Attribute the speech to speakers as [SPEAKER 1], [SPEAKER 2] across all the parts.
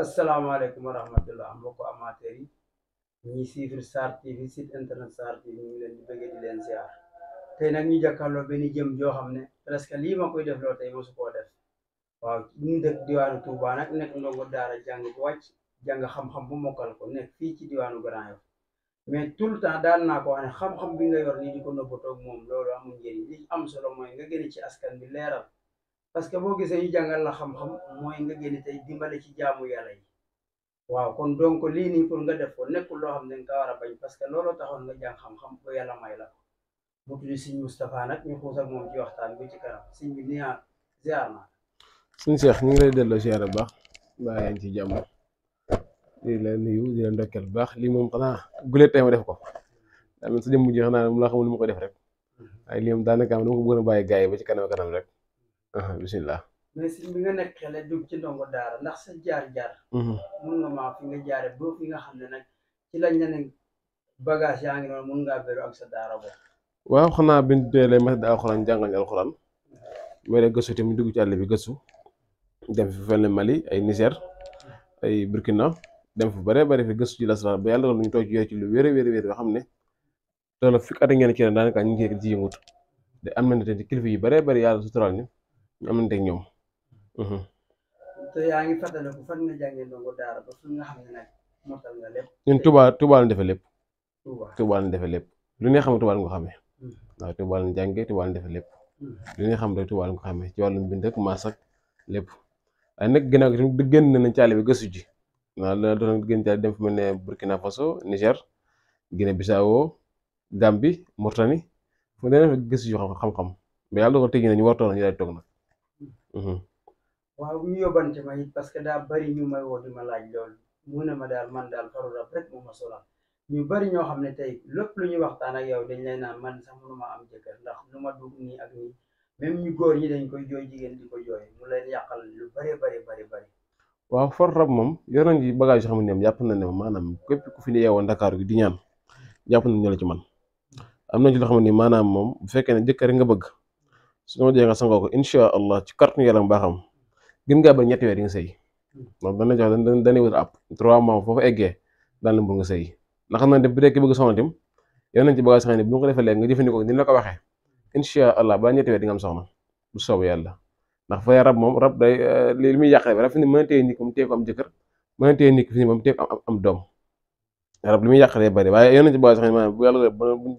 [SPEAKER 1] asalaamaaleykum wa rahmatullah mbokku amateur yi ñi suivre Sarr TV site internet Sarr TV ñu ngi leen di bëggee di leen ziar tey nag ñu jàkkaarloo benn jëm joo xam ne presque lii ma koy def loo tey mosu koo def waaw ñu dëkk diwaanu Touba nag nekk ndongo daara jàng bu wàcc jàng xam-xam bu mokkal ko nekk fii ci diwaanu Grand Yoff mais tout le temps daan naa ko wax ne xam-xam bi nga yor nii di ko nëbbatoog moom loolu amul njëriñ li am solo mooy nga génne ci askan bi leeral parce que bo gisé ñu jangal la xam-xam moy nga génn tay dimbalé ci jaamu yalla yi waaw kon donc li ni pour nga def ko nekkul lo xam ne ka wara bañ parce que lolo taxone nga jang xam-xam ba yalla may la bu mu seigne mustapha nak ñu xuus ak moom ci waxtaan bi ci karam seigne bi niya ziar naa
[SPEAKER 2] Cheikh ñu ngi lay delloo ziar baax mbaa ci jaamu di la nuyu di la ndokkeel baax lii moom xanaa gulee tey def ko daa na sa jëmm ji mu la xamul lu ko def rek mm-hmm. waaye lii moom daanaka am dama ko bëgg a bàyyi ba ci kanam kanam rek Ah, bisimilah.
[SPEAKER 1] mais si bi nga nekk xale dugg ci ndongo daara ndax sa jaar-jaar. Mhm. mun nga maa fi nga jaare boo fi nga xam ne ci lañ la ne bagage yaa ngi noonu mun ak sa daara boobu.
[SPEAKER 2] waaw xanaa bi ñu teelee masjid alxuraan jàngal alxuraan. mooy rek gëstu tamit ci àll bi dem fi fenn Mali ay Niger ay Burkina dem fu bare bare fi gëstu ci lasraar ba yàlla doon ñu toog ci yooyu ci lu wéer a wéer a wéer yoo xam ne loolu fukki at ngeen ci ren daanaka ñu ngi ci yëngut de am na kilifa yu bare bare ñu amante ak ñoom. Mhm.
[SPEAKER 1] te yaa ngi fàttaliku fan nga nga xam nga lépp. ñun Touba
[SPEAKER 2] Touba lañ defee lépp. Touba Touba lañ defee lépp lu ne xam Touba lañ ko xamee. Mhm. waaw Touba lañ jàngee Touba lañ defee lépp. Mhm. lu ne xam rek Touba lañ ko xamee ci wàllum bind ak maas ak lépp waaye nag ginnaaw gi tamit génn nañ caale bi gëstu ji. waaw loolu dafa doon génn caale dem fu mel ne Burkina Faso Niger Guinée Bissau Gambie Mauritanie fu mu ne gëstu ji xam-xam mais yàlla dogal tëj nañ ñu war toog nañ ñu daal toog nag Mm-hmm.
[SPEAKER 1] waaw yoban yóbbante ma it parce que da bari ñu may di ma laaj loolu mu ne ma daal man daal faru rek mu ma ñu bari ñoo xam ne tey lépp lu ñuy waxtaan ak yow dañ lay naan man sax ma am jëkkër ndax lu ma ni nii ak nii même ñu góor ñi dañ koy jooy di ko mu leen lu bari bari bari bari
[SPEAKER 2] wa far rab moom yoroon yi bagage yoo am ne jàpp na ne maanaam képp ku fi ne yeewoo Ndakaaru gi di ñaan jàpp na ñoo la ci man am na ci loo bu nga bëgg su ma jee nga sangoo ko incha allah ci kàttanu yàlla ba ñetti weer yi nga sëy loolu dañ la jox dañuy wut ab trois mois foofu eggee daan la mbur nga sëy ndax xam naa ne bu dee ki bëgg soxna tim yow nañ ci bagage xam ko defee léegi nga jëfandikoo ni ko waxee incha allah ba ñetti weer di nga am soxna bu soobu yàlla ndax fay rab moom rab day eh, li muy yàq rek rab fi ne mën a téye nit moom téye ko am jëkkër mën a téye nit fi ne am doom rab li muy yàq day bari waaye yow nañ ci bagage xam ne maanaam bu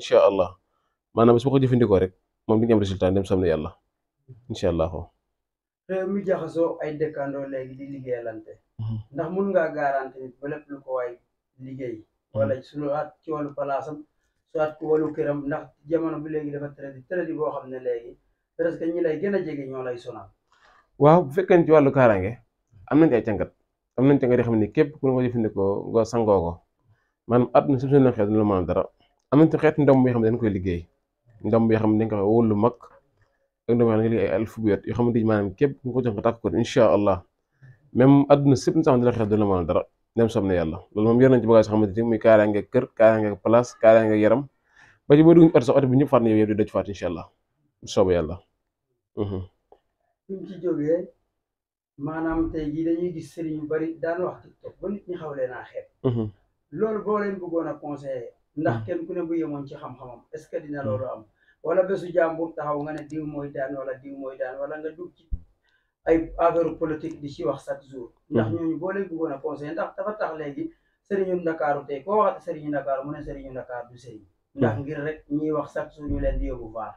[SPEAKER 2] incha allah maanaam su ma ko jëfandikoo rek moom li ñu am résultat dem sam ne yàlla incha allahu
[SPEAKER 1] réew mi jaxasoo ay dëkkandoo léegi di liggéeyalante mhm. ndax mun ngaa garanti nit ba lépp ko waay liggéey mhm. wala sulaat ci wàllu palaasam soit ku wàllu jamono bi léegi boo xam ne léegi presque lay gën a jege ñoo
[SPEAKER 2] waaw bu fekkee ne ci wàllu kaaraange am na ay càngat am nañ càngat yoo xam ne képp ku nga jëfandikoo nga sangoo ko man at na suñ seen xeet la dara am nañ ci xeet ndoom yoo xam ne koy liggéey ndam yoo xam ne dañ ko wóol lu mag ak ndam yoo xam ne ay alfu bu wet yoo xamante ni maanaam képp ku ko jox nga tàkk ko incha allah même adduna sëpp na sax di la xeex du la mën dara dem soob na yaram ba ci boo dugg oto sax oto bi ñëpp faat na
[SPEAKER 1] bari daan wax TikTok ba nit ñi xaw leen a loolu boo leen bëggoon a conseiller ndax hmm. kenn ku ne bu yemoon ci xam-xamam est-ce que dina hmm. loolu am wala bésu jàmbur taxaw nga ne diw mooy daan wala diw mooy daan wala nga dugg ci ay affaire politique di ci wax chaque jour ndax hmm. ñooñu boo leen bëggoon a conseillé ndax dafa tax léegi sëriñu ndakaaru tey koo waxate sëriñu ndakaaru mu ne sëriñu ndakaaru du sëriñ ndax ngir rek ñuy wax chaque jour ñu leen di yóbbu vaar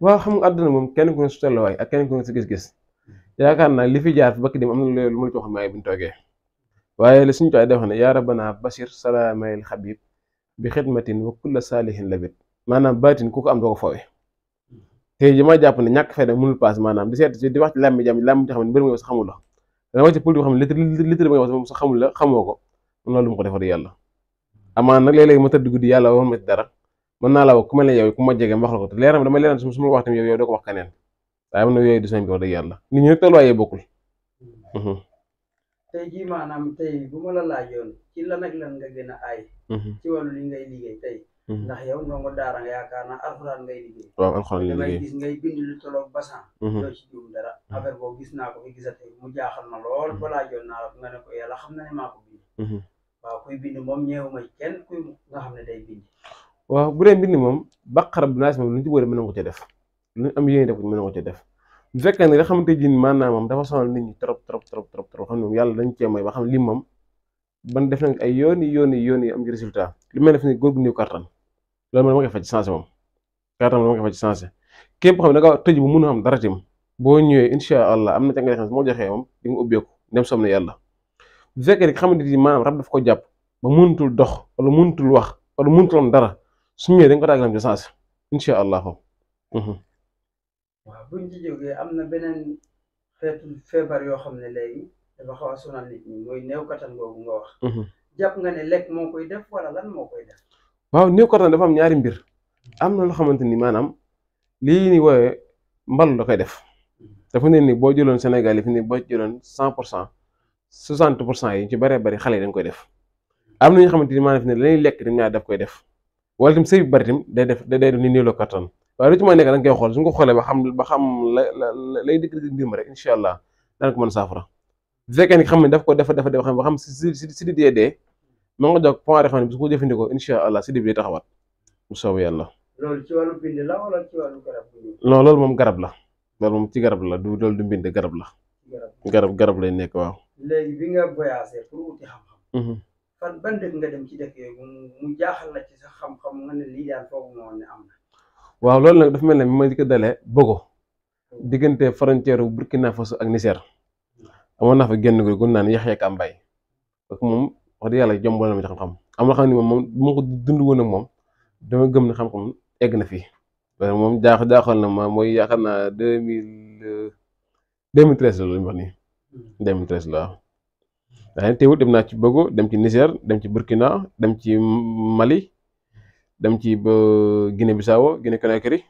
[SPEAKER 2] waaw xam nga àdduna moom kenn ku ne su tolluwaay ak kenn ku ne su gis-gis yaakaar naa li fi jaar fi bakk dem am na loolu toogee waaye li suñu tooy def ne yaa rabbana basir salaamayil xabib bi xidmatin wa kulla saalihin labit maanaam baatin ku ko am doo ko foowe te ji ma jàpp ne ñàkk fayda mënul paas maanaam di seet di wax ci làmmi jàmm làmmi la da nga ci politique xam ne litre litre bi nga wax moom sax xamul la xamoo ko mën naa lu mu ko defal yàlla amaan nag léeg-léeg ma tëdd guddi ko te yàlla nit ñi nag tolluwaay bokkul hmm. mhm.
[SPEAKER 1] tey maanaam tey bu ma la laajoon a Mhm. ci wàllu li ngay liggéey tey mhm. ndax yow ndongo daara nga yaakaar naa alxuraan ngay liggéey waaw alxuraan ngay gis lu tolloog basan mhm. doo naa ko fi mu jaaxal ma lool balaa joon ne yàlla xam na ne maa ko bind waaw xam ne day bind
[SPEAKER 2] bu dee bind moom a mën na ko ca def lu def ko mën na ko ca def bu fekkee ne nga xamante jin maanaam moom dafa sonal nit ñi trop trop trop trop trop xam ne yàlla dañ cee mooy ba xam li moom ban def nañ ay yoon yi yoon am ci résultat li may def ni góor gu néew kàttan loolu man ma koy faj ci sensé moom kàttan koy faj ci sensé da bu mënu xam dara tim boo ñëwee incha allah am na ca def moo joxee moom di nga ubbeeku dem som ni maanaam rab ko jàpp ba mënutul dox wala mënutul wax wala mënutul am dara su ñëwee da nga ko tàggalam ci sensé incha allah foofu mhm.
[SPEAKER 1] waaw buñ ci jógee am na beneen xeetu feebar yoo xam ne léegi dafa xaw a sonal nit ñi mooy néew kattan googu nga wax. Mhm. jàpp nga ne lekk moo koy def wala lan moo koy def.
[SPEAKER 2] waaw néew kattan dafa am ñaari mbir am na loo xamante ni maanaam lii ni woowee koy def mhm. dafa ne ni boo jëloon Sénégal yi fi ne cent pour cent soixante pour cent yi ci bëree bëri xale yi koy def am na ñoo xamante ni maanaam fi ne dañuy lekk dañ ñaar daf koy def wala tam sëy bu bëri tam day def day def ni néew kattan waaye lu ci ma nekk da koy xool su ñu xoolee ba xam ba xam la la lay dëgg-dëgg mbir ma rek incha allah dana ko mën saafara. zeka ni ne xam daf ko dafa dafa xam xam si si si di dee dee nga jox point de bu ko jëfandikoo insha allah si di bi taxawat taxawaat bu soobee yàlla.
[SPEAKER 1] ci walu bind la wala ci walu garab la.
[SPEAKER 2] non lolou mom garab la lolou mom ci garab la du loolu du bind garab la. garab garab lay nek waaw.
[SPEAKER 1] legui bi nga voyager pour wuti xam-xam. Mhm. fan ban dëkk nga dem ci dëkk yoy mu jaaxal la ci sa xam-xam nga ne li dal foofu mo ne am
[SPEAKER 2] waaw lolou nak dafa melni mo di ko dalé Bogo hmm. diggante frontière Burkina Faso ak Niger. amoon naa fa genn gu naan Yaxya Kàmbaay parce que moom wax dëgg yàlla jomb na ma ci xam-xam am na xam ne moom moom ko dund woon ak moom dama gëm ne xam-xam egg na fi parce moom jaax jaaxal na ma mooy yaakaar naa deux mille deux mille treize la loolu wax nii la waaw. waaye dem naa ci Bogo dem ci Niger dem ci Burkina dem ci Mali dem ci ba Guinée Bissau Guinée Conakry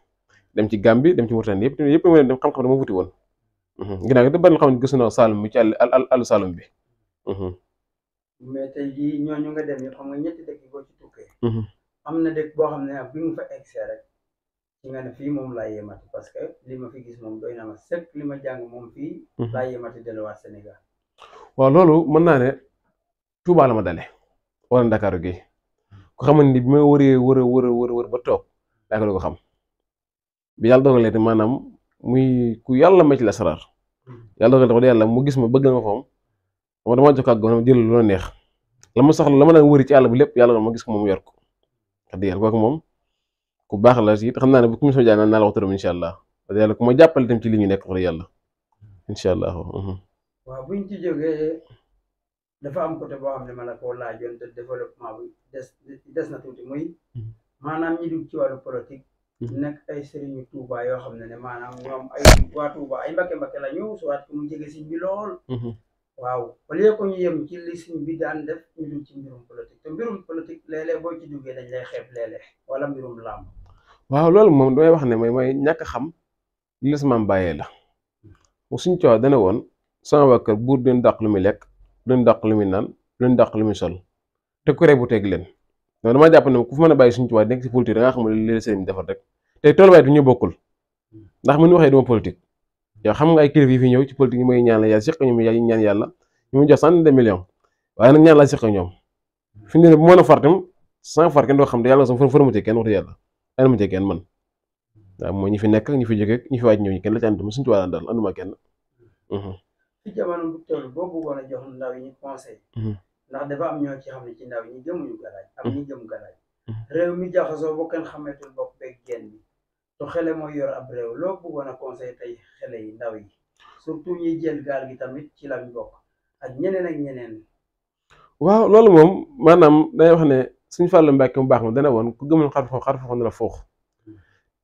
[SPEAKER 2] dem ci Gambie dem ci Mauritanie yëpp yëpp dem xam-xam dama wuti woon. ginnaaw gi te bari na xam ne gis naa Saalum bi ci àll àll àll Saalum bi.
[SPEAKER 1] mais tey jii ñooñu nga dem xam nga ñetti dëkk boo ci tukkee. am na dëkk boo xam ne bi mu fa egsee ci nga ne fii moom laa yemati parce que li ma fi gis moom doy na ma sëkk li ma jàng moom fii. laa yemati delluwaat Sénégal.
[SPEAKER 2] waaw loolu mën naa ne Touba la ma dale wala Ndakaaru gi ko xam ni bi ma wëree wër wër wër ba toog daa ko xam bi yàlla dogalee te maanaam. muy ku yàlla may ci la asaraar hmm. yàlla dogal yàlla mu gis ma bëgg na ma foom dama damaa jox kàgg ma jël lu la neex la ma soxla la ma daan wëri ci àll bi lépp yàlla ma gis ko moom yor ko wax dëgg yàlla moom ku baax la it xam naa ne bu ku mos a jaay naa la wax turam incha allah ma jàppale tam ci li ñu nekk wax dëgg yàlla hmm. incha hmm.
[SPEAKER 1] bu ñu ci jógee dafa am côté boo xam ne ma la ko laajoon te développement bi des des na tuuti muy maanaam ñi dugg ci wàllu politique. Mhm. nekk ay sëriñu Touba yoo xam ne ne maanaam ñoom ay waa Touba ay mbakke mbakke la ñu soit que mu jege siñ bi lool. Mhm. waaw au lieu ñu yem ci li siñ bi daan def ñu dugg ci mbirum politique te mbirum politique léeg boo ci dañ lay xeeb léeg-léeg mbirum làmb.
[SPEAKER 2] waaw loolu moom damay wax ne mooy mooy ñàkk xam li la sama bàyyee la suñ coow dana woon sama waa kër buur duñ dàq lu muy lekk duñ dàq lu muy naan duñ dàq lu muy sol te kuréel bu teg leen. non damaa jàpp ne ku fi mën a bàyyi suñu tubaab nekk si politique da ngaa xamul li la sëriñ defar rek te tolluwaay bi ñu bokkul ndax mun waxee duma politique yow xam nga ay yi fi ñëw ci politique yi mooy ñaan la yàlla seq ñoom yi ñaan yàlla ñu mu jox cent de millions waaye nag ñaan laa far tam sans far doo xam te yàlla sama formité kenn waxtu yàlla animité kenn man waaw mooy ñi fi nekk ñi fi jógee ñi fi waaj ñëw ñi kenn la ci ànduma suñu tubaab daal ànduma kenn
[SPEAKER 1] a ndax dafa am ñoo ci xam ci ndaw ñi gëmuñu galaay am ñi jëm galaay réew mi jaxaso bu kenn xametul bopp beeg genn bi su xele mooy yor ab réew loo bëggoon a conseil tey xele yi ndaw yi surtout ñi jël gaal gi tamit ci lañ bokk ak ñeneen ak ñeneen
[SPEAKER 2] waaw loolu moom maanaam day wax ne suñu fàllu mbàkke mu baax ma dana woon ku gëmul xar foofu xar la foox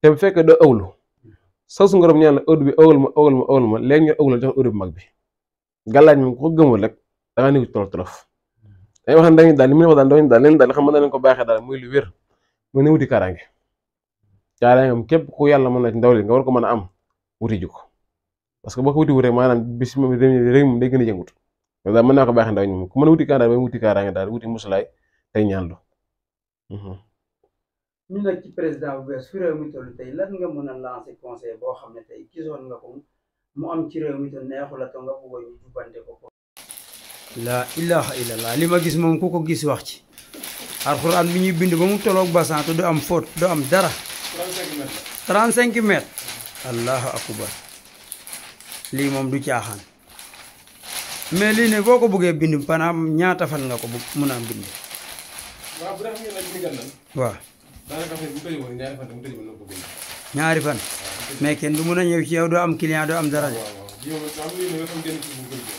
[SPEAKER 2] te bu fekkee doo awlu sos ngorom ñaan la ëwlu bi awul ma awul ma awul ma léegi ñu ëwlu jox ëwlu bu mag bi gàllaaj moom ku ko gëmul rek danga niwut tolof tolof dañuy wax ne dañuy daal li mu ne wax daal dañuy daal leen daal xam mën leen ko baaxee daal muy lu wér mu ne wuti kaaraange kaaraangeem képp ku yàlla mën na ci ndaw nga war ko man a am wuti ji ko parce que boo ko wuti wut rek maanaam bis moom réew mi day gën a yëngut loolu daal mën naa ko baaxee ndaw ñi ku a wuti kaaraange ba wuti kaaraange daal wuti musalaay tey ñaanlu mhm.
[SPEAKER 1] ñu nag ci président bu bees fi réew mi toll tey lan nga mën a lancer conseil boo xam ne tey gisoon nga ko mu am ci réew mi te neexul a nga bëggoon ñu la ilaha illallah li ma gis mom kuko gis wax ci alquran mi ñuy bind ba mu tolok basan te do am faute do am dara 35 mètres allahu akbar li mom du caaxaan mais li ne boko bëgge bëggee bind panaam ñaata fan nga ko bind wa wa
[SPEAKER 2] bu la ci bëgg mun bu tey waaw ñaari fan mu tey ko bind
[SPEAKER 1] ñaari fan mais kenn du mëna ñew ci yow do am client do am dara wa wa
[SPEAKER 2] yow li gën ci bu de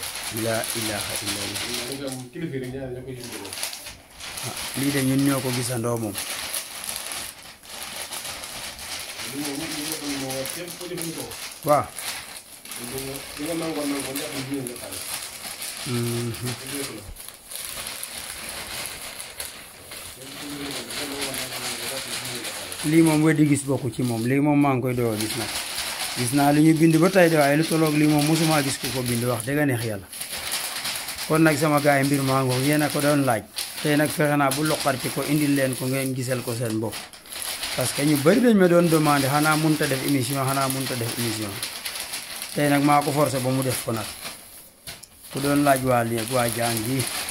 [SPEAKER 1] lii de ñun ñoo ko gisandoo moom waaw mhm. lii moom gis bokku ci moom lii moom maa ngi koy doo gis nag gis naa li ñu bind ba tey de waaye lu tolloog lii moom mosumaa gis ku ko bind wax dëgg neex yàlla kon nag sama gars yi mbir maa ngoog yéen a ko doon laaj tey nag fexe naa bu loqarti ko indil leen ko ngeen gisal ko seen bopp parce que ñu bëri dañ ma doon demandé xanaa mënta def émission xanaa mënta def émission tey nag maa ko forcé ba mu def ko nag ku doon laaj waa léegi waa jàng yi